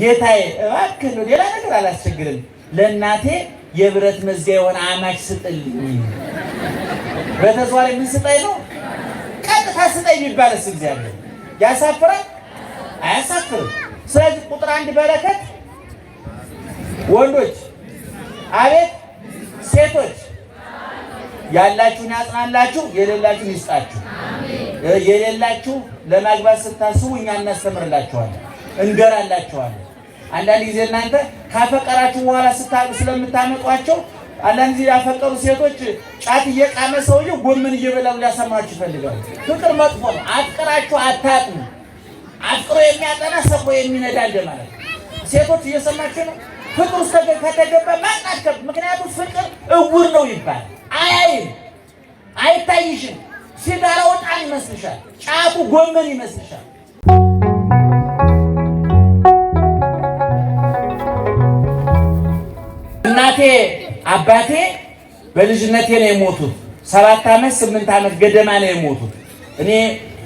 ጌታዬ እባክህ ነው ሌላ ነገር አላስቸግርም፣ ለእናቴ የብረት መዝጊያ የሆነ አማች ስጥልኝ። በተዘዋዋሪ ምን ነው ቀጥታ ስጠኝ የሚባለስ እግዚአብሔር ያሳፍራል? አያሳፍርም። ስለዚህ ቁጥር አንድ በረከት ወንዶች አቤት፣ ሴቶች ያላችሁን ያጽናላችሁ፣ የሌላችሁን ይስጣችሁ። የሌላችሁ ለማግባት ስታስቡ እኛ እናስተምርላችኋለን፣ እንገራላችኋለን። አንዳንድ ጊዜ እናንተ ካፈቀራችሁ በኋላ ስታቅ ስለምታመጧቸው አንዳንድ ጊዜ ያፈቀሩ ሴቶች ጫት እየቃመ ሰውዬው ጎመን እየበላው ሊያሰማችሁ ይፈልጋሉ። ፍቅር መጥፎ ነው። አፍቅራችሁ አታጥኑ። አፍቅሮ የሚያጠና ሰቆ የሚነዳ እንደማለት ሴቶች እየሰማችሁ ነው። ፍቅር ውስጥ ከተገባ ማጥናት ከብ ምክንያቱም ፍቅር እውር ነው ይባል አይ አይታይሽም። ሲጋራው ዕጣን ይመስልሻል። ጫቱ ጎመን ይመስልሻል። እናቴ አባቴ በልጅነቴ ነው የሞቱት። ሰባት ዓመት ስምንት ዓመት ገደማ ነው የሞቱት። እኔ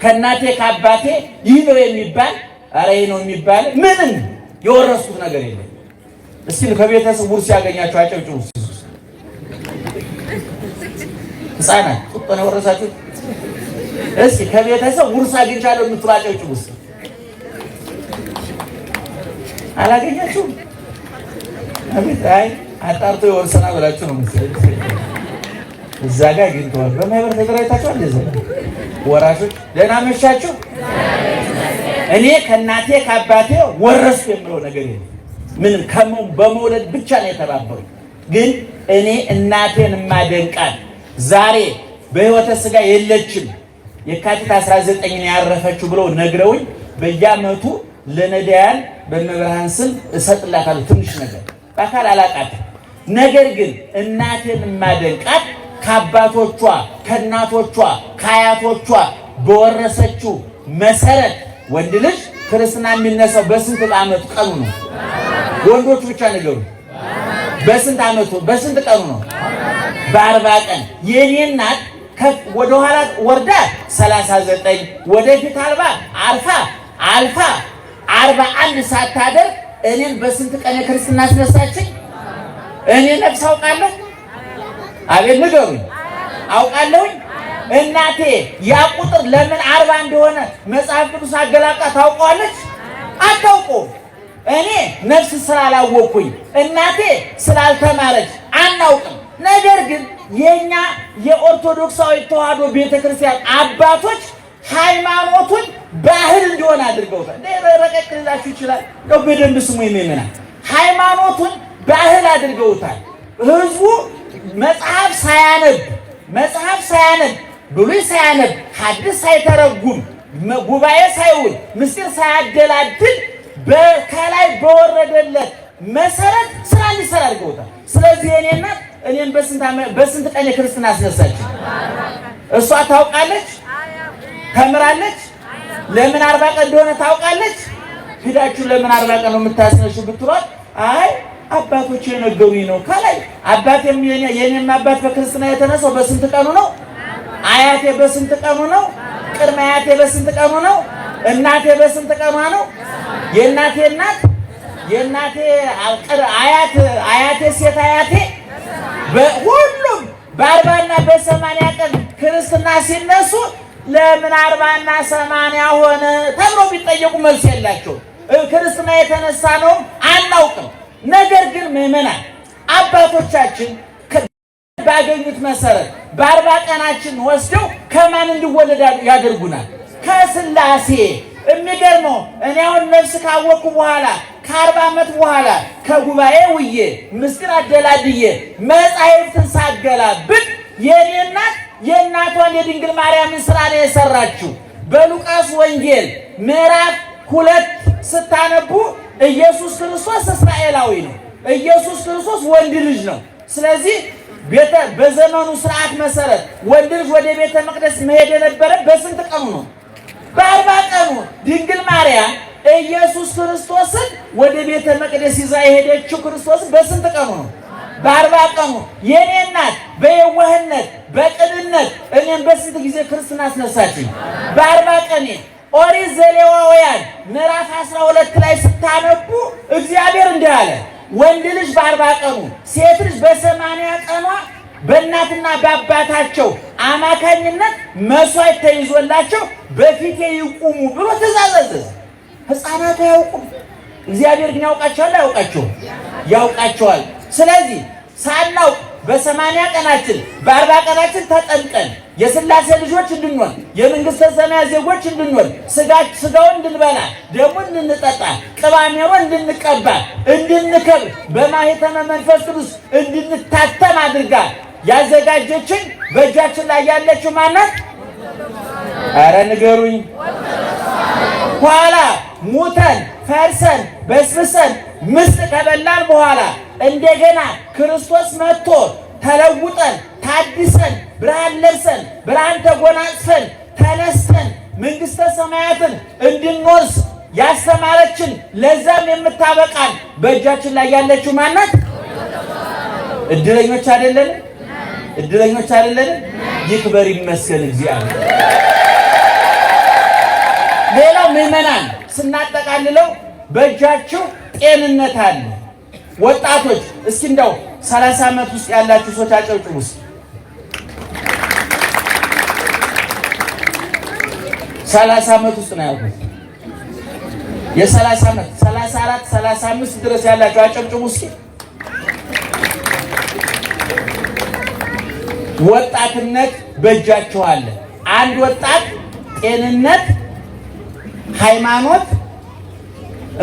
ከእናቴ ከአባቴ ይህ ነው የሚባል ኧረ ይህ ነው የሚባል ምንም የወረስኩት ነገር የለም። እስቲ ከቤተሰብ ውርስ ያገኛችሁ አጨብጭቡ። ህፃናት ነው የወረሳችሁት። ከቤተሰብ ውርስ አግኝቻለሁ የምትሉ አጨብጭቡ። ውስጥ አላገኛችሁም? አቤት አይ አጣርቶ ይወርሰናል ብላችሁ ነው መሰለኝ። እዛ ጋር አግኝተዋል። በማህበር ተደራጅታችኋል። እንደዛ ወራሾች ደህና መሻችሁ። እኔ ከእናቴ ከአባቴ ወረስኩ የምለው ነገር የለም። ምንም በመውለድ ብቻ ነው የተባበሩ። ግን እኔ እናቴን ማደንቃል። ዛሬ በህይወተ ስጋ የለችም የካቲት 19 ያረፈችው ብለው ነግረውኝ በየአመቱ ለነዳያን በመብርሃን ስም እሰጥላታለሁ። ትንሽ ነገር በአካል አላቃትም ነገር ግን እናትን ማደንቃት ከአባቶቿ ከእናቶቿ ከአያቶቿ በወረሰችው መሰረት ወንድ ልጅ ክርስትና የሚነሳው በስንት ዓመቱ ቀኑ ነው? ወንዶች ብቻ ነገሩ በስንት ዓመቱ በስንት ቀኑ ነው? በአርባ ቀን የኔ እናት ወደኋላ ወርዳ 39 ዘጠኝ ወደፊት አርባ አልፋ አልፋ አርባ አንድ ሳታደርግ እኔን በስንት ቀን የክርስትና አስነሳችኝ? እኔ ነፍስ አውቃለሁ። አቤት ንገሩኝ፣ አውቃለሁኝ። እናቴ ያ ቁጥር ለምን አርባ እንደሆነ መጽሐፍ ቅዱስ አገላብጣ ታውቀዋለች? አታውቀውም። እኔ ነፍስ ስላላወቅኩኝ እናቴ ስላልተማረች አናውቅም። ነገር ግን የእኛ የኦርቶዶክሳዊ ተዋህዶ ቤተክርስቲያን አባቶች ሃይማኖቱን ባህል እንዲሆን አድርገውታል። ረቀቅላችሁ ይችላል ው በደንብ ስሙ የሜምናል ሃይማኖቱን ባህል አድርገውታል። ህዝቡ መጽሐፍ ሳያነብ መጽሐፍ ሳያነብ ብሉይ ሳያነብ ሐዲስ ሳይተረጉም ጉባኤ ሳይውል ምስጢር ሳያደላድል ከላይ በወረደለት መሰረት ስራ እንዲሰራ አድርገውታል። ስለዚህ እኔ እናት እኔን በስንት ቀን የክርስትና አስነሳች? እሷ ታውቃለች፣ ተምራለች። ለምን አርባ ቀን እንደሆነ ታውቃለች። ሂዳችሁ ለምን አርባ ቀን ነው የምታስነሹ ብትሏት አይ አባቶች የነገሩኝ ነው። ከላይ አባቴ የኔም አባት በክርስትና የተነሳው በስንት ቀኑ ነው? አያቴ በስንት ቀኑ ነው? ቅድመ አያቴ በስንት ቀኑ ነው? እናቴ በስንት ቀኗ ነው? የእናቴ እናት የእናቴ አያት አያቴ ሴት አያቴ ሁሉም በአርባና በሰማንያ ቀን ክርስትና ሲነሱ ለምን አርባና ሰማንያ ሆነ ተብሎ ቢጠየቁ መልስ ያላቸው? ክርስትና የተነሳ ነው አናውቅም። ነገር ግን ምዕመናን አባቶቻችን ባገኙት መሰረት በአርባ ቀናችን ወስደው ከማን እንዲወለድ ያደርጉናል? ከስላሴ። የሚገርመው እኔ አሁን ነፍስ ካወቅኩ በኋላ ከአርባ ዓመት በኋላ ከጉባኤ ውዬ ምስክር አደላድዬ መጻሕፍትን ሳገላብጥ የእኔ እናት የእናቷን የድንግል ማርያምን ስራ ነው የሰራችው። በሉቃስ ወንጌል ምዕራፍ ሁለት ስታነቡ ኢየሱስ ክርስቶስ እስራኤላዊ ነው። ኢየሱስ ክርስቶስ ወንድ ልጅ ነው። ስለዚህ በዘመኑ ስርዓት መሰረት ወንድ ልጅ ወደ ቤተ መቅደስ መሄድ የነበረ በስንት ቀኑ ነው? በአርባ ቀኑ። ድንግል ማርያም ኢየሱስ ክርስቶስን ወደ ቤተ መቅደስ ይዛ የሄደችው ክርስቶስን በስንት ቀኑ ነው? በአርባ ቀኑ። የኔ እናት በየዋህነት በቅንነት እኔም በስንት ጊዜ ክርስትና አስነሳችኝ? በአርባ ቀኔ ኦሪት ዘሌዋውያን ምዕራፍ 12 ላይ ስታነቡ እግዚአብሔር እንዲህ አለ፣ ወንድ ልጅ በአርባ ቀኑ ሴት ልጅ በሰማንያ ቀኗ በእናትና በአባታቸው አማካኝነት መስዋዕት ተይዞላቸው በፊቴ ይቁሙ ብሎ ትእዛዝ አዘዘ። ሕፃናቱ አያውቁም። እግዚአብሔር ግን ያውቃቸዋል? አያውቃቸውም? ያውቃቸዋል። ስለዚህ ሳናውቅ በሰማንያ ቀናችን በአርባ ቀናችን ተጠምቀን የስላሴ ልጆች እንድንሆን የመንግስተ ሰማያት ዜጎች እንድንሆን ስጋውን እንድንበላ ደግሞ እንድንጠጣ ቅባሜሮ እንድንቀባ እንድንከብር በማኅተመ መንፈስ ቅዱስ እንድንታተም አድርጋ ያዘጋጀችን በእጃችን ላይ ያለችው ማናት? አረ ንገሩኝ። ኋላ ሙተን ፈርሰን በስብሰን ምስጥ ከበላን በኋላ እንደገና ክርስቶስ መጥቶ ተለውጠን ታድሰን ብርሃን ለብሰን ብርሃን ተጎናጽፈን ተነስተን መንግሥተ ሰማያትን እንድንወርስ ያስተማረችን ለዛም የምታበቃን በእጃችን ላይ ያለችው ማናት? እድለኞች አይደለን? እድለኞች አይደለን? ይክበር ይመስገን እግዚአብሔር። ሌላው ምዕመናን ስናጠቃልለው በእጃችሁ ጤንነት አለ። ወጣቶች እስኪ እንደው 30 ዓመት ውስጥ ያላችሁ ሰዎች አጨብጭቡ ውስጥ ሰላሳ ዓመት ውስጥ ነው ያልኩት። የሰላሳ ዓመት ሰላሳ አራት ሰላሳ አምስት ድረስ ያላቸው አጨብጭቡ እስኪ። ወጣትነት በእጃችሁ አለ። አንድ ወጣት ጤንነት፣ ሃይማኖት፣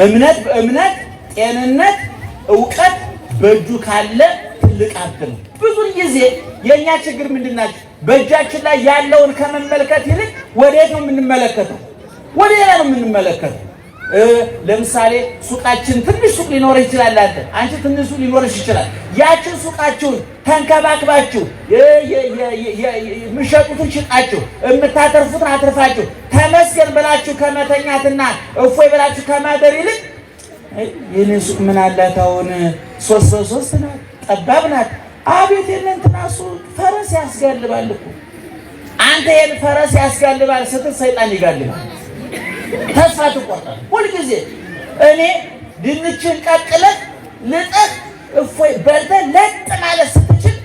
እምነት በእምነት ጤንነት፣ እውቀት በእጁ ካለ ትልቅ ሀብት ነው። ብዙ ጊዜ የእኛ ችግር ምንድን ናቸው? በእጃችን ላይ ያለውን ከመመልከት ይልቅ ወዴት ነው የምንመለከተው? ወደ ሌላ ነው የምንመለከተው። ለምሳሌ ሱቃችን ትንሽ ሱቅ ሊኖር ይችላል። አንተ አንቺ ትንሽ ሱቅ ሊኖርሽ ይችላል። ያችን ሱቃችሁን ተንከባክባችሁ የምትሸጡትን ሽጣችሁ የምታተርፉትን አትርፋችሁ ተመስገን ብላችሁ ከመተኛትና እፎይ ብላችሁ ከማደር ይልቅ ይህን ሱቅ ምን አላት አሁን ሶስት ሰው ሶስት ናት፣ ጠባብ ናት። አቤት የእነ እንትና ሱቅ ፈረስ ያስጋልባል እኮ አንተ ይህን ፈረስ ያስጋልባል ስትል ሰይጣን ይጋልባል። ተስፋ ትቆርጣል። ሁልጊዜ እኔ ድንችን ቀቅለህ ልጠህ እፎይ በልተህ ለጥ ማለት ስትችል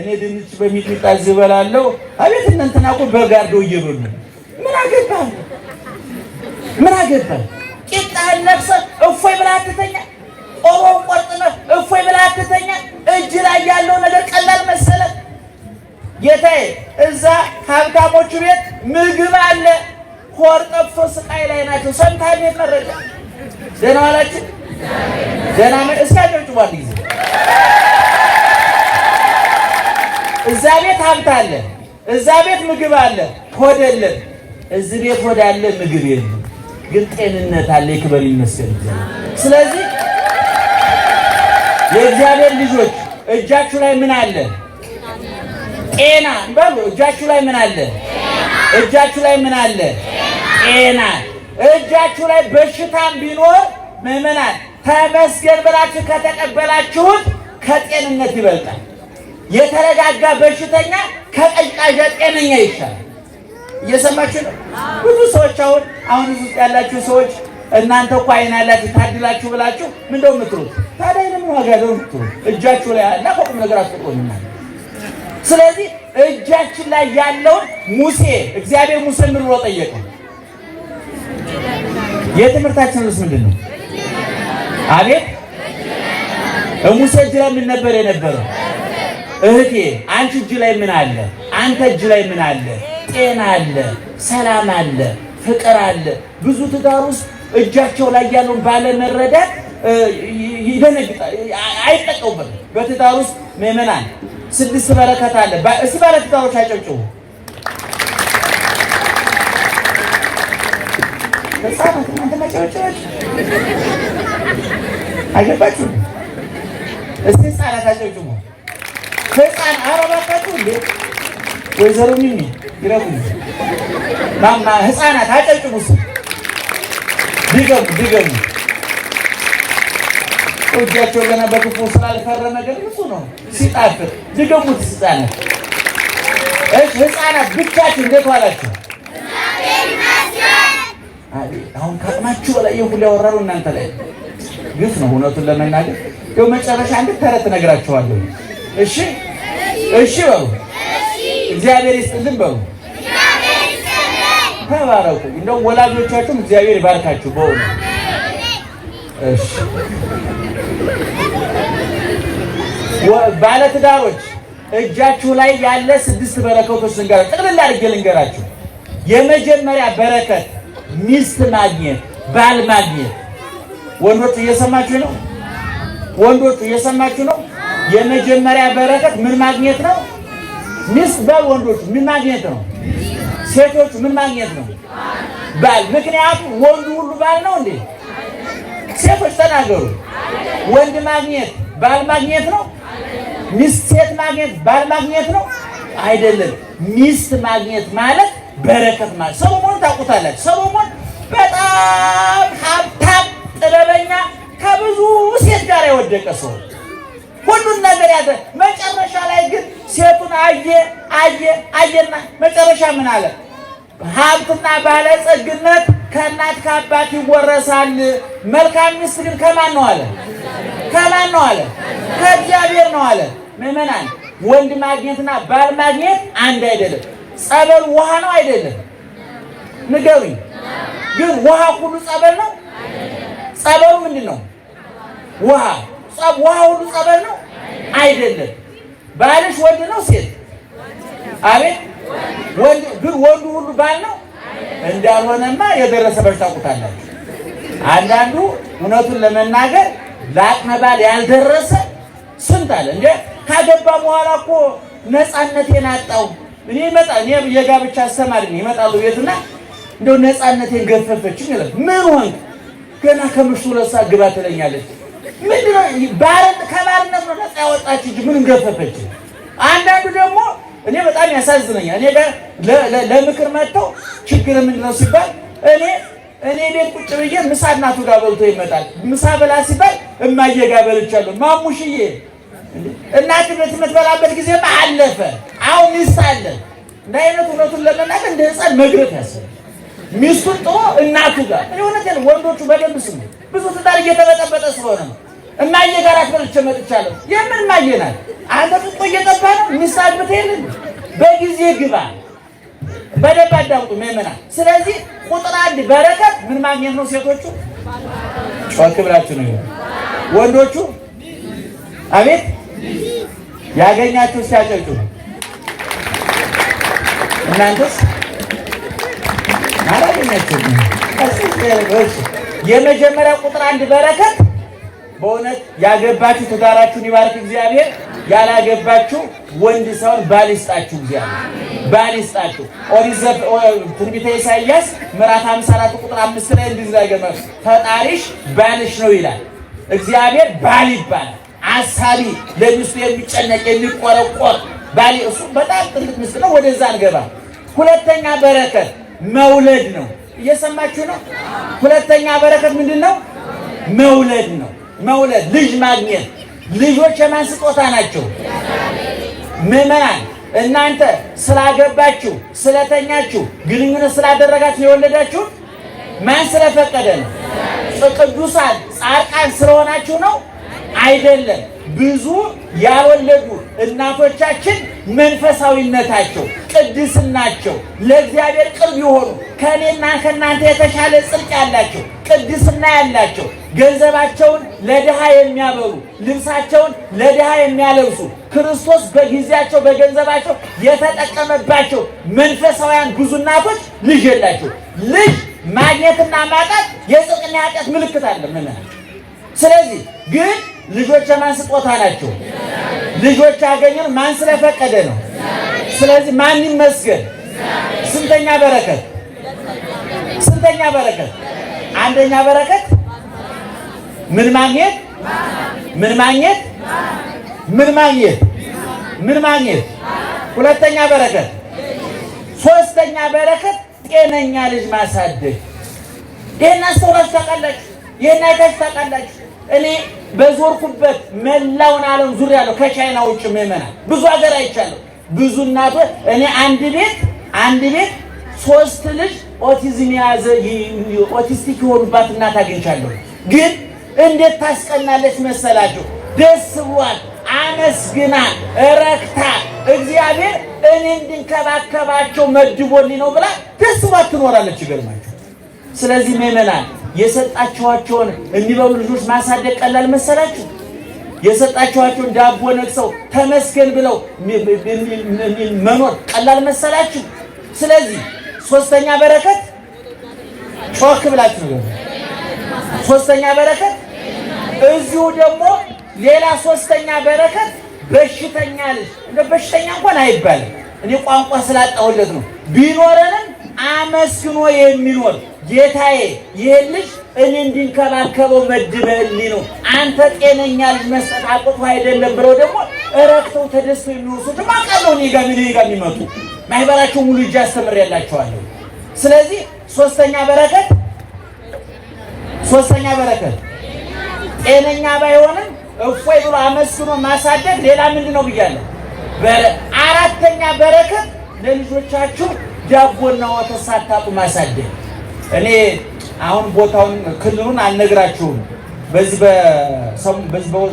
እኔ ድንች በሚጥሚጣ ዝበላለሁ። አቤት እነ እንትና እኮ በጋርዶ እየበሉ ምን አገባህ ምን አገባህ? ቂጣህን ነፍሰህ እፎይ ብላ አትተኛ። ቆሎውን ቆርጥመህ እፎይ ብላ አትተኛ። እጅ ላይ ያለው ነገር ቀላል መሰለህ። ጌታዬ እዛ ሀብታሞቹ ቤት ምግብ አለ። ሆር ጠፍቶ ስቃይ ላይ ናቸው። ሰምታል መረጃ ደህና ዋላችሁ ደህና እስካጮጩ ባል ጊዜ እዛ ቤት ሀብት አለ፣ እዛ ቤት ምግብ አለ፣ ሆድ የለም። እዚህ ቤት ሆድ አለ፣ ምግብ የለም፣ ግን ጤንነት አለ። ይክበር ይመስገን። ስለዚህ የእግዚአብሔር ልጆች እጃችሁ ላይ ምን አለ? ጤና በሉ። እጃችሁ ላይ ምን አለ? እጃችሁ ላይ ምን አለ? ጤና። እጃችሁ ላይ በሽታም ቢኖር ምዕመናን ተመስገን ብላችሁ ከተቀበላችሁት ከጤንነት ይበልጣል። የተረጋጋ በሽተኛ ከቀዥቃዣ ጤነኛ ይሻላል። እየሰማችሁ ነው። ብዙ ሰዎች አሁን አሁን ውስጥ ያላችሁ ሰዎች እናንተ እኮ አይን ያላችሁ ታድላችሁ ብላችሁ ምንደው የምትሉት ታዲያ ይህንም ዋጋ ለው ምትሉ እጃችሁ ላይ አላ ከቁም ነገር አስቆኝናል ስለዚህ እጃችን ላይ ያለውን ሙሴ እግዚአብሔር ሙሴ ምን ብሎ ጠየቀው? የትምህርታችን ርዕስ ምንድን ነው? አቤት ሙሴ እጅ ላይ ምን ነበር የነበረው? እህቴ አንቺ እጅ ላይ ምን አለ? አንተ እጅ ላይ ምን አለ? ጤና አለ፣ ሰላም አለ፣ ፍቅር አለ። ብዙ ትዳር ውስጥ እጃቸው ላይ ያለውን ባለመረዳት ይደነግጣል፣ አይጠቀሙበትም በትዳር ውስጥ ምዕመናን ስድስት በረከት አለ። እስኪ ባለትዳሮች አጨብጭቡ። አይገባችሁ። እስኪ አጨብጭቡ። አረባካችሁ እንዴ ወይዘሮ ማማ አጨብጭቡ። ቢገቡ ቢገቡ እጃቸው ገና በክፉ ስላልፈረ የፈረ ነገር እሱ ነው ሲጣፍጥ ድገሙት። ህፃናት ህፃናት ብቻችሁ እንዴት ዋላችሁ? አሁን ከአቅማችሁ በላይ የሁሉ ያወራሩ እናንተ ላይ ግፍ ነው። እውነቱን ለመናገር ያው መጨረሻ አንድ ተረት እነግራችኋለሁ። እሺ እሺ በሉ እግዚአብሔር ይስጥልን በሉ ተባረኩ። እንደው ወላጆቻችሁም እግዚአብሔር ይባርካችሁ በእውነት እሺ ባለትዳሮች እጃችሁ ላይ ያለ ስድስት በረከቶች ልንገራ ጥቅልል አድርጌ ልንገራችሁ። የመጀመሪያ በረከት ሚስት ማግኘት፣ ባል ማግኘት። ወንዶች እየሰማችሁ ነው? ወንዶች እየሰማችሁ ነው? የመጀመሪያ በረከት ምን ማግኘት ነው? ሚስት ባል። ወንዶች ምን ማግኘት ነው? ሴቶች ምን ማግኘት ነው? ባል። ምክንያቱም ወንዱ ሁሉ ባል ነው እንዴ? ሴቶች ተናገሩ። ወንድ ማግኘት ባል ማግኘት ነው? ሚስት ሴት ማግኘት ባል ማግኘት ነው? አይደለም። ሚስት ማግኘት ማለት በረከት ማለት። ሰሎሞን ታውቁታላችሁ። ሰሎሞን በጣም ሀብታም ጥበበኛ፣ ከብዙ ሴት ጋር የወደቀ ሰው ሁሉን ነገር ያዘ። መጨረሻ ላይ ግን ሴቱን አየ አየ አየና መጨረሻ ምን አለ? ሀብትና ባለጸግነት ከእናት ከአባት ይወረሳል። መልካም ሚስት ግን ከማን ነው አለ ከማን ነው አለ? ከእግዚአብሔር ነው አለ። ምዕመናን ወንድ ማግኘትና ባል ማግኘት አንድ አይደለም። ጸበል ውሃ ነው አይደለም? ንገሩኝ። ግን ውሃ ሁሉ ጸበል ነው? ጸበሉ ምንድን ነው? ውሃ። ውሃ ሁሉ ጸበል ነው አይደለም። ባልሽ ወንድ ነው ሴት? አቤት ወንድ። ግን ወንዱ ሁሉ ባል ነው እንዳልሆነማ የደረሰ በሽታ ታውቁታላችሁ። አንዳንዱ እውነቱን ለመናገር ለአቅመ ባል ያልደረሰ ስንት አለ እንዴ? ካገባ በኋላ እኮ ነፃነቴን አጣው። እኔ ይመጣ እኔ የጋብቻ አስተማሪ ነው ይመጣሉ ቤትና እንደው ነፃነቴን ገፈፈችኝ ይላል። ምን ሆንክ? ገና ከምሽቱ ሁለት ሰዓት ግባ ትለኛለች። ምንድን ነው ባረት ከባርነት ነው ነፃ ያወጣች እንጂ ምን ገፈፈች? አንዳንዱ ደግሞ እኔ በጣም ያሳዝነኛል። እኔ ጋር ለምክር መጥተው ችግር ምንድን ነው ሲባል እኔ እኔ ቤት ቁጭ ብዬ ምሳ እናቱ ጋር በልቶ ይመጣል። ምሳ በላ ሲባል እማዬ ጋር በልቻለሁ ማሙሽዬ እናት ቤት የምትበላበት ጊዜ አለፈ። አሁን ሚስት አለ እና አይነት እውነቱን ለመናገር እንደ ህፃን መግረት ያስብ ሚስቱን ጥሎ እናቱ ጋር እኔ እውነት ያለ ወንዶቹ በደንብ ስሙ። ብዙ ትዳር እየተበጠበጠ ስለሆነ እማዬ ጋር አትበልቼ መጥቻለሁ። የምን እማዬ ናት? አንተ ጥጦ እየጠባ ነው ሚስት አግብተህ የለን በጊዜ ግባ በደንብ አዳምጡ ምዕመናን። ስለዚህ ቁጥር አንድ በረከት ምን ማግኘት ነው? ሴቶቹ ጮክ ብላችሁ ነው። ወንዶቹ አቤት ያገኛችሁ ሲያጨጩ፣ እናንተስ አላገኛችሁ። የመጀመሪያ ቁጥር አንድ በረከት በእውነት ያገባችሁ ትዳራችሁን ይባርክ እግዚአብሔር። ያላገባችሁ ወንድ ሰውን ባል ይስጣችሁ፣ እግዚአብሔር ባል ይስጣችሁ። ትንቢተ ኢሳይያስ ምዕራፍ 54 ቁጥር 5 ላይ እንዲዘገመ ፈጣሪሽ ባልሽ ነው ይላል። እግዚአብሔር ባል ይባላል። አሳቢ፣ ለሚስቱ የሚጨነቅ የሚቆረቆር ባል እሱ በጣም ትልቅ ምስል ነው። ወደዛ እንገባ። ሁለተኛ በረከት መውለድ ነው። እየሰማችሁ ነው። ሁለተኛ በረከት ምንድን ነው? መውለድ ነው። መውለድ ልጅ ማግኘት ልጆች የማን ስጦታ ናቸው? ምዕመናን እናንተ ስላገባችሁ ስለተኛችሁ ግንኙነት ስላደረጋችሁ የወለዳችሁ ማን ስለፈቀደ ነው? ቅዱሳን ጻድቃን ስለሆናችሁ ነው? አይደለም። ብዙ ያወለዱ እናቶቻችን መንፈሳዊነታቸው፣ ቅድስናቸው ለእግዚአብሔር ቅርብ የሆኑ ከእኔና ከእናንተ የተሻለ ጽድቅ ያላቸው ቅድስና ያላቸው ገንዘባቸውን ለድሃ የሚያበሩ ልብሳቸውን ለድሃ የሚያለብሱ ክርስቶስ በጊዜያቸው በገንዘባቸው የተጠቀመባቸው መንፈሳውያን ብዙ እናቶች ልጅ የላቸው። ልጅ ማግኘትና ማጣት የጽድቅና የኃጢአት ምልክት አለ። ስለዚህ ግን ልጆች ማን ስጦታ ናቸው? ልጆች ያገኘን ማን ስለፈቀደ ነው። ስለዚህ ማን ይመስገን? ስንተኛ በረከት ስንተኛ በረከት? አንደኛ በረከት ምን ማግኘት ምን ማግኘት ምን ማግኘት ምን ማግኘት። ሁለተኛ በረከት፣ ሶስተኛ በረከት ጤነኛ ልጅ ማሳደግ። ይህን አስተውላችሁ ታውቃላችሁ? ይህን አይታችሁ ታውቃላችሁ? እኔ በዞርኩበት መላውን ዓለም ዙሪያ ያለው ከቻይና ውጭ ምዕመናን ብዙ ሀገር አይቻለሁ። ብዙ እናቶ እኔ አንድ ቤት አንድ ቤት ሶስት ልጅ ኦቲዝም የያዘ ኦቲስቲክ የሆኑባት እናት አግኝቻለሁ። ግን እንዴት ታስቀናለች መሰላችሁ? ደስ ብሏል፣ አመስግና እረክታ እግዚአብሔር እኔ እንድንከባከባቸው መድቦልኝ ነው ብላ ደስ ብሏት ትኖራለች። ይገርማችሁ። ስለዚህ ምዕመናን የሰጣችኋቸውን የሚበሉ ልጆች ማሳደግ ቀላል መሰላችሁ? የሰጣችኋቸውን ዳቦ ነክሰው ተመስገን ብለው መኖር ቀላል መሰላችሁ? ስለዚህ ሶስተኛ በረከት ጮክ ብላችሁ ነው። ሶስተኛ በረከት እዚሁ ደግሞ ሌላ ሶስተኛ በረከት በሽተኛ ልጅ እንደ በሽተኛ እንኳን አይባልም። እኔ ቋንቋ ስላጣሁለት ነው። ቢኖረንም አመስግኖ የሚኖር ጌታዬ ይህን እኔ እንዲንከባከበው መድበህልኝ ነው። አንተ ጤነኛ ልጅ መስጠት አቅቶ አይደለም ብለው ደግሞ እረክተው ተደስቶ የሚወስዱ ማቃለው እኔ ጋር እኔ ጋር የሚመጡ ማህበራቸው ሙሉ እጅ አስተምር አስተምሬያላቸዋለሁ። ስለዚህ ሶስተኛ በረከት ሶስተኛ በረከት ጤነኛ ባይሆንም እፎይ ብሎ አመስኖ ማሳደግ ሌላ ምንድን ነው ብያለሁ። አራተኛ በረከት ለልጆቻችሁ ዳቦና ወተት ሳታጡ ማሳደግ እኔ አሁን ቦታውን ክልሉን አልነግራችሁም። በዚህ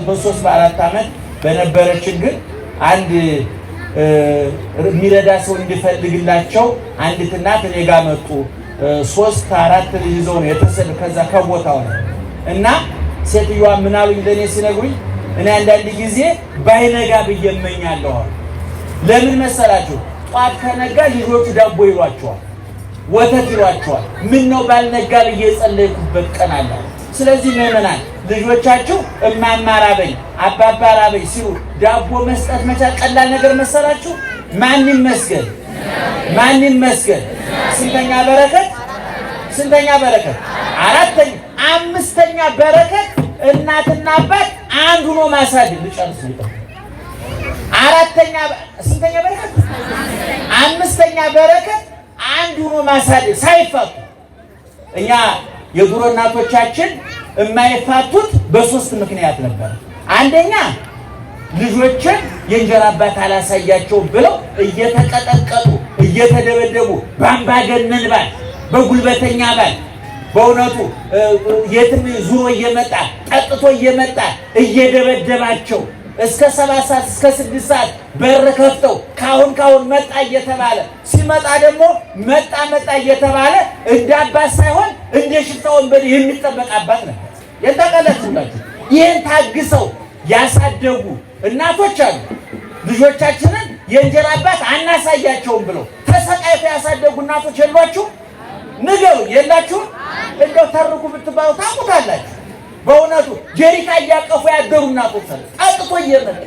በሶስት በአራት አመት በነበረ ችግር አንድ የሚረዳ ሰው እንዲፈልግላቸው አንዲት እናት እኔ ጋር መጡ። ሶስት አራት ልጅ ይዘው ነው የተሰድ ከዛ ከቦታው ነው እና ሴትዮዋ ምን ለእኔ ሲነግሩኝ እኔ አንዳንድ ጊዜ ባይነጋ ብዬ እመኛለሁ። ለምን መሰላችሁ? ጧት ከነጋ ልጆቹ ዳቦ ይሏቸዋል ወተት ይሏቸዋል። ምን ነው ባልነጋ ብዬ የጸለይኩበት ቀን አለ። ስለዚህ ምዕመናን ልጆቻችሁ እማማ ራበኝ አባባ ራበኝ ሲሉ ዳቦ መስጠት መቻል ቀላል ነገር መሰላችሁ? ማን መስገን ማን መስገን? ስንተኛ በረከት ስንተኛ በረከት? አራተኛ አምስተኛ በረከት እናትና አባት አንዱ ነው ማሳደግ ልጨርስ አራተኛ ስንተኛ በረከት? አምስተኛ በረከት አንዱ ሆኖ ማሳደግ ሳይፋቱ እኛ የድሮ እናቶቻችን የማይፋቱት በሶስት ምክንያት ነበር። አንደኛ ልጆችን የእንጀራ አባት አላሳያቸውም ብለው እየተቀጠቀጡ እየተደበደቡ በአምባገነን ባል፣ በጉልበተኛ ባል በእውነቱ የትም ዙሮ እየመጣ ጠጥቶ እየመጣ እየደበደባቸው እስከ ሰባት ሰዓት እስከ ስድስት ሰዓት በር ከፍተው ካሁን ካሁን መጣ እየተባለ ሲመጣ ደግሞ መጣ መጣ እየተባለ እንደ አባት ሳይሆን እንደ ሽፍታ ወንበዴ የሚጠበቅ አባት ነበር። ይህን ታግሰው ያሳደጉ እናቶች አሉ። ልጆቻችንን የእንጀራ አባት አናሳያቸውም ብለው ተሰቃይቶ ያሳደጉ እናቶች የሏችሁ? ንገሩ፣ የላችሁም? እንደው ተርኩ ብትባሉ ታውቁታላችሁ። በእውነቱ ጀሪካ እያቀፉ ያደሩ እናቶች አሉ። ጠጥቶ እየመጣ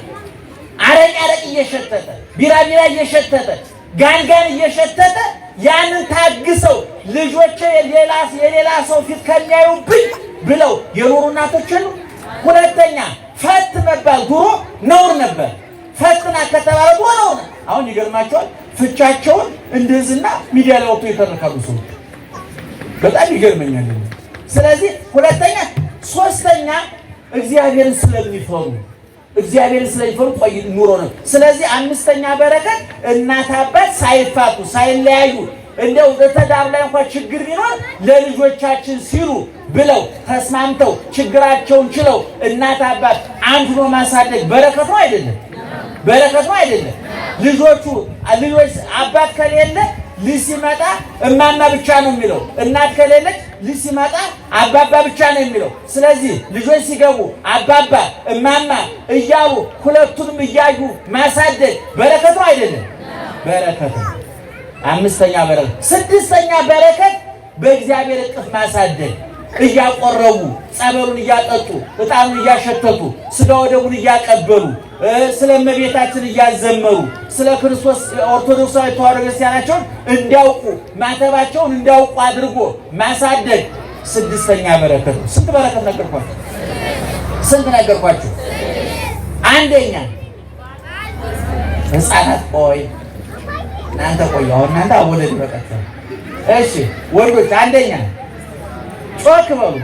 አረቅ አረቅ እየሸተተ ቢራቢራ እየሸተተ ጋንጋን እየሸተተ ያንን ታግሰው ልጆቼ የሌላ ሰው ፊት ከሚያዩብኝ ብለው የኖሩ እናቶች አሉ። ሁለተኛ ፈት መባል ድሮ ነውር ነበር። ፈትና ከተባለ ድሮ ነውር። አሁን ይገርማቸዋል። ፍቻቸውን እንደዚህና ሚዲያ ላይ ወጥቶ የተረካሉ ሰው በጣም ይገርመኛል። ስለዚህ ሁለተኛ ሶስተኛ እግዚአብሔርን ስለሚፈሩ እግዚአብሔርን ስለሚፈሩ ቆይ ኑሮ ነው። ስለዚህ አምስተኛ በረከት እናት አባት ሳይፋቱ ሳይለያዩ እንደው በትዳር ላይ እንኳን ችግር ቢኖር ለልጆቻችን ሲሉ ብለው ተስማምተው ችግራቸውን ችለው እናት አባት አንድ ሆኖ ማሳደግ በረከቱ አይደለም፣ ነው አይደለም። ልጆቹ ልጆች አባት ከሌለ ልጅ ሲመጣ እማማ ብቻ ነው የሚለው። እናት ከሌለች ልጅ ሲመጣ አባባ ብቻ ነው የሚለው። ስለዚህ ልጆች ሲገቡ አባባ እማማ እያሉ ሁለቱንም እያዩ ማሳደግ በረከቱ አይደለም በረከቱ አምስተኛ በረከት ስድስተኛ በረከት በእግዚአብሔር እቅፍ ማሳደግ እያቆረቡ ጸበሉን እያጠጡ እጣኑን እያሸተቱ ስጋ ወደሙን እያቀበሉ ስለ እመቤታችን እያዘመሩ ስለ ክርስቶስ ኦርቶዶክሳዊ ተዋሕዶ ክርስቲያናቸውን እንዲያውቁ ማተባቸውን እንዲያውቁ አድርጎ ማሳደግ ስድስተኛ በረከት ነው። ስንት በረከት ነገርኳችሁ? ስንት ነገርኳችሁ? አንደኛ ህፃናት ቆይ እናንተ ቆይ አሁን እናንተ አወለድ በቀጥታ እሺ፣ ወንዶች አንደኛ ጮክ በሉ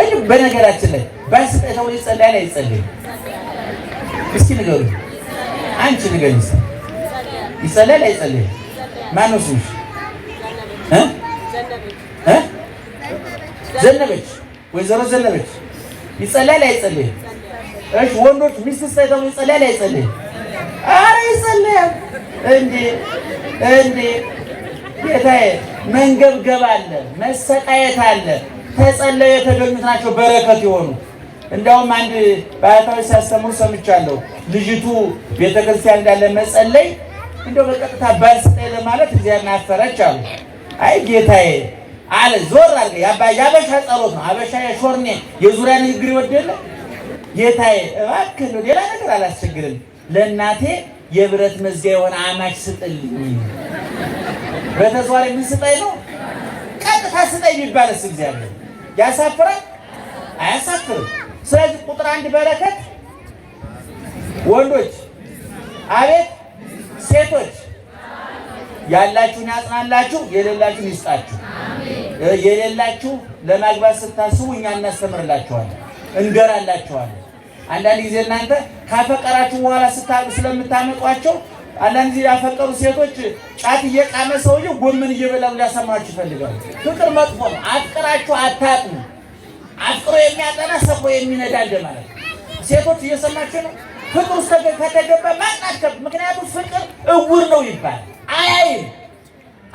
እኔ በነገራችን ላይ ባይስጠተው ይጸለያል አይጸለይም? እስኪ ንገሩ። አንቺ ንገሪ። ይጸለያል አይጸለይም? ማነው ስምሽ? ዘነበች፣ ወይዘሮ ዘነበች። ይጸለያል አይጸለይም? እሺ ወንዶች ሚስት ስጠተው ይጸለያል አይጸለይም? አረ ይጸለያል። እንዴ እንዴ! ጌታዬ መንገብገብ አለ፣ መሰቃየት አለ ተጸለየ የተገኙት ናቸው በረከት የሆኑ እንዲያውም አንድ ባህታዊ ሲያስተምሩ ሰምቻለሁ። ልጅቱ ቤተክርስቲያን እንዳለ መጸለይ እንደው በቀጥታ ባል ስጠኝ ለማለት እግዚአብሔር ናፈረች አሉ። አይ ጌታዬ አለ ዞር አድርገ ያበሻ ጸሎት ነው። አበሻ የሾርኔ የዙሪያ ንግግር ይወደለ ጌታዬ እባክህ ነው ሌላ ነገር አላስቸግርም፣ ለእናቴ የብረት መዝጊያ የሆነ አማች ስጥልኝ። በተዘዋዋሪ ምን ስጠኝ ነው ቀጥታ ስጠኝ የሚባልስ እግዚአብሔር ያሳፍራል? አያሳፍርም። ስለዚህ ቁጥር አንድ በረከት ወንዶች፣ አቤት ሴቶች ያላችሁን ያጽናላችሁ፣ የሌላችሁን ይስጣችሁ። የሌላችሁ ለማግባት ስታስቡ እኛ እናስተምርላችኋለን፣ እንገራላችኋለን። አንዳንድ ጊዜ እናንተ ካፈቀራችሁ በኋላ ስታ ስለምታመጧቸው አንዳንድ ጊዜ ያፈቀሩ ሴቶች ጫት እየቃመ ሰውዬው ጎመን እየበላሉ ሊያሰማችሁ ይፈልጋሉ። ፍቅር መጥፎ ነው። አፍቅራችሁ አታጥኑ። አፍቅሮ የሚያጠና ሰቆ የሚነዳ እንደማለት ሴቶች እየሰማችሁ ነው። ፍቅር ውስጥ ከተገባ ማጥናት ምክንያቱም ፍቅር እውር ነው ይባላል። አያይም፣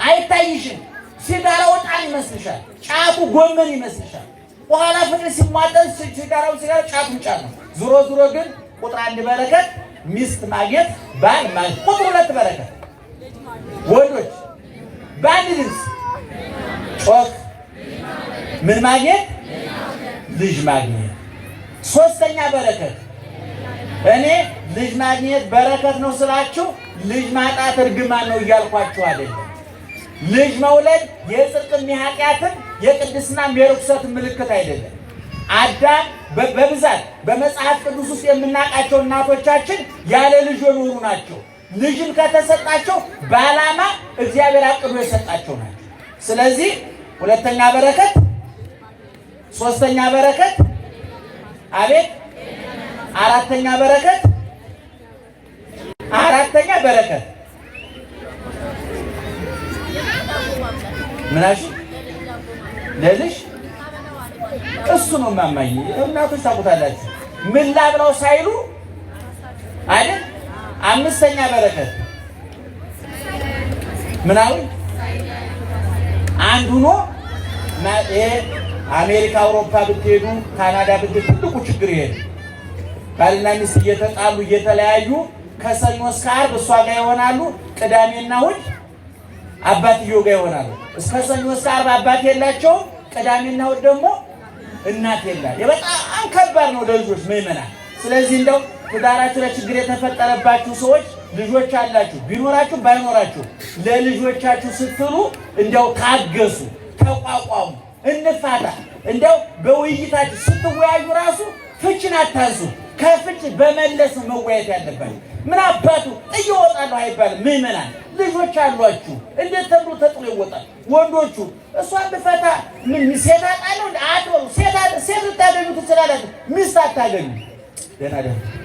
አይታይሽም። ሲጋራው ዕጣን ይመስልሻል፣ ጫቱ ጎመን ይመስልሻል። በኋላ ፍቅር ሲሟጠን ሲጋራው ሲጋራ ጫቱን ጫት ነው። ዙሮ ዙሮ ግን ቁጥር አንድ በረከት ሚስት ማግኘት ባል ማግኘት ቁጥር ሁለት በረከት። ወንዶች በአንድ ድምፅ ጮክ ምን ማግኘት ልጅ ማግኘት። ሶስተኛ በረከት እኔ ልጅ ማግኘት በረከት ነው ስላችሁ ልጅ ማጣት እርግማን ነው እያልኳችሁ አይደለም። ልጅ መውለድ የጽድቅም የኃጢአትም የቅድስናም የርኩሰት ምልክት አይደለም። አዳም በብዛት በመጽሐፍ ቅዱስ ውስጥ የምናውቃቸው እናቶቻችን ያለ ልጅ የኖሩ ናቸው። ልጅም ከተሰጣቸው በዓላማ እግዚአብሔር አቅዶ የሰጣቸው ናቸው። ስለዚህ ሁለተኛ በረከት፣ ሶስተኛ በረከት፣ አቤት አራተኛ በረከት አራተኛ በረከት ምናሽ ለልጅ እሱ ነው ማማኝ። እናቶች ታውቁታላችሁ። ምን ላብላው ሳይሉ አይደል? አምስተኛ በረከት ምናምን አንዱ ነው። አሜሪካ፣ አውሮፓ ብትሄዱ ካናዳ ብትሄዱ ትልቁ ችግር ይሄ ባልና ሚስት እየተጣሉ እየተለያዩ ከሰኞ እስከ ዓርብ እሷ ጋር ይሆናሉ። ቅዳሜና እሑድ አባትዮ ጋር ይሆናሉ። እስከ ሰኞ እስከ ዓርብ አባት የላቸውም። ቅዳሜና እሑድ ደግሞ እናት የላት። በጣም ከባድ ነው ለልጆች ምዕመናን። ስለዚህ እንደው ትዳራችሁ ለችግር የተፈጠረባችሁ ሰዎች ልጆች አላችሁ ቢኖራችሁ ባይኖራችሁ ለልጆቻችሁ ስትሉ እንደው ታገሱ፣ ተቋቋሙ፣ እንፋታ። እንደው በውይይታችሁ ስትወያዩ ራሱ ፍችን አታንሱ። ከፍች በመለስ መወያየት ያለባችሁ ምን አባቱ እየወጣለሁ አይባልም። ምዕመናን ልጆች አሏችሁ፣ እንዴት ተብሎ ተጥሎ ይወጣል? ወንዶቹ እሷን ብፈታ ምን ሴት አጣለሁ አትበሉ። ሴት ልታገኙ ትችላላችሁ፣ ሚስት አታገኙ። ደህና ደህና